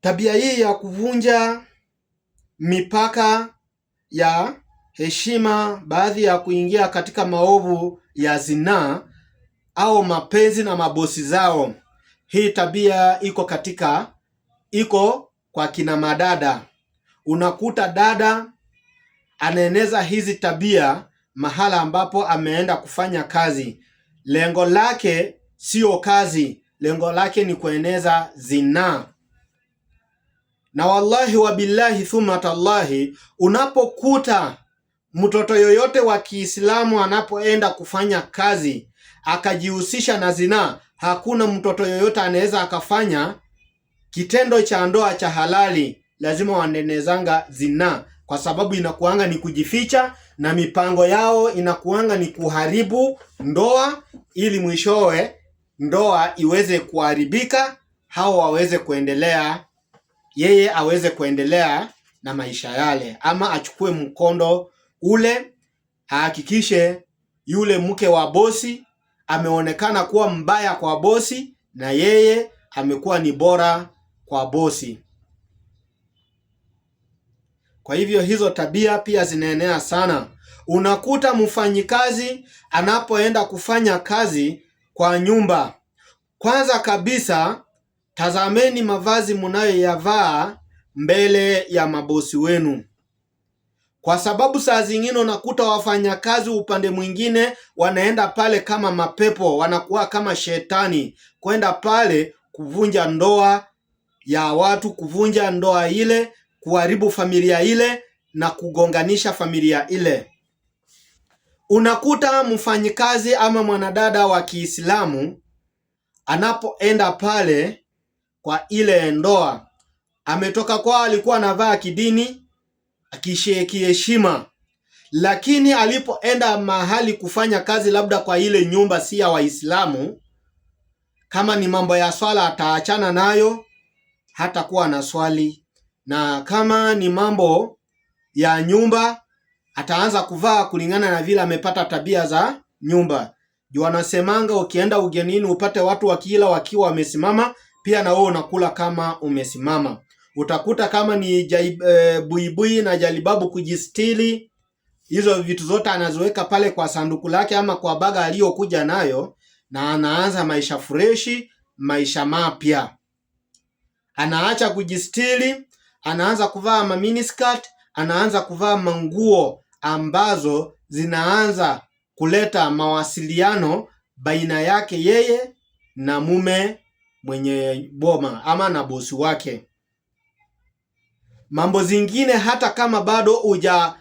Tabia hii ya kuvunja mipaka ya heshima, baadhi ya kuingia katika maovu ya zinaa au mapenzi na mabosi zao, hii tabia iko katika iko kwa kina madada. Unakuta dada anaeneza hizi tabia mahala ambapo ameenda kufanya kazi. Lengo lake sio kazi, lengo lake ni kueneza zinaa na wallahi wabillahi thumma tallahi, unapokuta mtoto yoyote wa Kiislamu anapoenda kufanya kazi akajihusisha na zinaa, hakuna mtoto yoyote anaweza akafanya kitendo cha ndoa cha halali. Lazima wanenezanga zinaa, kwa sababu inakuanga ni kujificha, na mipango yao inakuanga ni kuharibu ndoa, ili mwishowe ndoa iweze kuharibika, hao waweze kuendelea yeye aweze kuendelea na maisha yale, ama achukue mkondo ule, ahakikishe yule mke wa bosi ameonekana kuwa mbaya kwa bosi na yeye amekuwa ni bora kwa bosi. Kwa hivyo hizo tabia pia zinaenea sana. Unakuta mfanyikazi anapoenda kufanya kazi kwa nyumba, kwanza kabisa Tazameni mavazi munayoyavaa mbele ya mabosi wenu, kwa sababu saa zingine unakuta wafanyakazi upande mwingine wanaenda pale kama mapepo, wanakuwa kama shetani kwenda pale kuvunja ndoa ya watu, kuvunja ndoa ile, kuharibu familia ile na kugonganisha familia ile. Unakuta mfanyikazi ama mwanadada wa Kiislamu anapoenda pale kwa ile ndoa. Ametoka kwao, alikuwa anavaa kidini, heshima, lakini alipoenda mahali kufanya kazi, labda kwa ile nyumba si ya Waislamu, kama ni mambo ya swala ataachana nayo, hata kuwa na swali, na kama ni mambo ya nyumba ataanza kuvaa kulingana na vile amepata tabia za nyumba. Juu wanasemanga ukienda ugenini upate watu wakila wakiwa wamesimama pia na wewe unakula kama umesimama. Utakuta kama ni jai, e, buibui na jalibabu kujistili, hizo vitu zote anaziweka pale kwa sanduku lake ama kwa baga aliyokuja nayo, na anaanza maisha freshi, maisha mapya. Anaacha kujistili, anaanza kuvaa skirt, anaanza kuvaa manguo ambazo zinaanza kuleta mawasiliano baina yake yeye na mume mwenye boma ama na bosi wake. Mambo zingine hata kama bado uja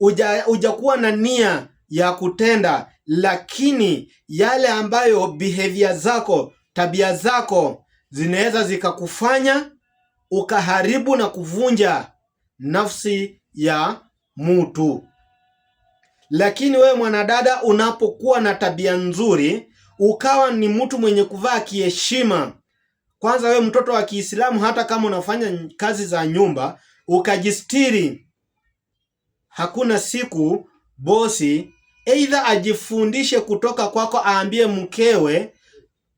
uja hujakuwa na nia ya kutenda, lakini yale ambayo behavior zako, tabia zako zinaweza zikakufanya ukaharibu na kuvunja nafsi ya mtu. Lakini wewe mwanadada, unapokuwa na tabia nzuri, ukawa ni mtu mwenye kuvaa kiheshima, kwanza we mtoto wa Kiislamu, hata kama unafanya kazi za nyumba ukajistiri, hakuna siku bosi aidha ajifundishe kutoka kwako, aambie mkewe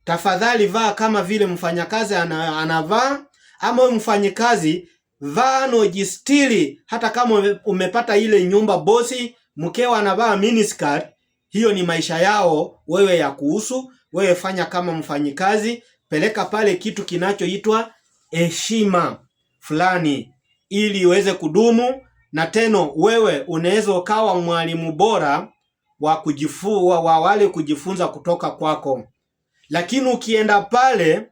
tafadhali vaa kama vile mfanyakazi anavaa, ama we mfanyikazi vaa nojistiri. Hata kama umepata ile nyumba bosi mkewe anavaa miniskirt, hiyo ni maisha yao wewe ya kuhusu wewe, fanya kama mfanyikazi peleka pale kitu kinachoitwa heshima fulani, ili iweze kudumu. Na teno wewe unaweza ukawa mwalimu bora wa kujifua wa wale kujifunza kutoka kwako, lakini ukienda pale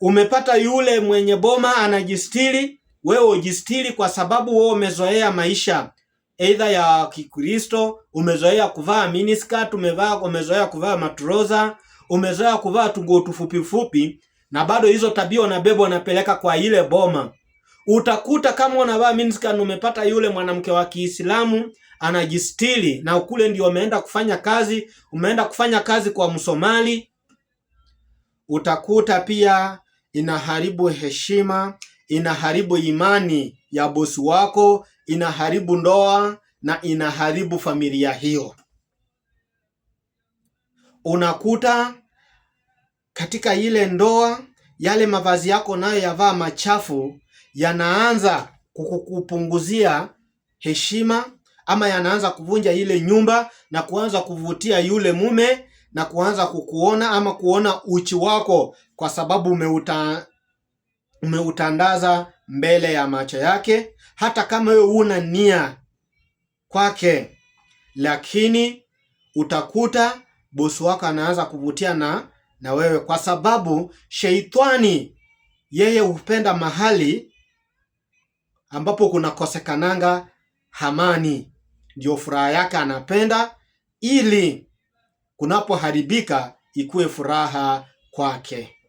umepata yule mwenye boma anajistiri, wewe ujistiri kwa sababu wewe umezoea maisha aidha ya Kikristo, umezoea kuvaa miniskirt, umevaa umezoea kuvaa matroza umezoea kuvaa tunguo tufupi fupi, na bado hizo tabia wanabeba wanapeleka kwa ile boma. Utakuta kama unavaa miniskirt, umepata yule mwanamke wa Kiislamu anajistili, na ukule ndio umeenda kufanya kazi, umeenda kufanya kazi kwa Msomali. Utakuta pia inaharibu heshima, inaharibu imani ya bosi wako, inaharibu ndoa na inaharibu familia hiyo unakuta katika ile ndoa yale mavazi yako nayo yavaa machafu yanaanza kukupunguzia heshima ama yanaanza kuvunja ile nyumba na kuanza kuvutia yule mume na kuanza kukuona ama kuona uchi wako kwa sababu umeuta, umeutandaza mbele ya macho yake, hata kama wewe una nia kwake, lakini utakuta bosi wako anaanza kuvutia na na wewe, kwa sababu sheitani yeye hupenda mahali ambapo kunakosekananga amani, ndio furaha yake anapenda, ili kunapoharibika ikuwe furaha kwake.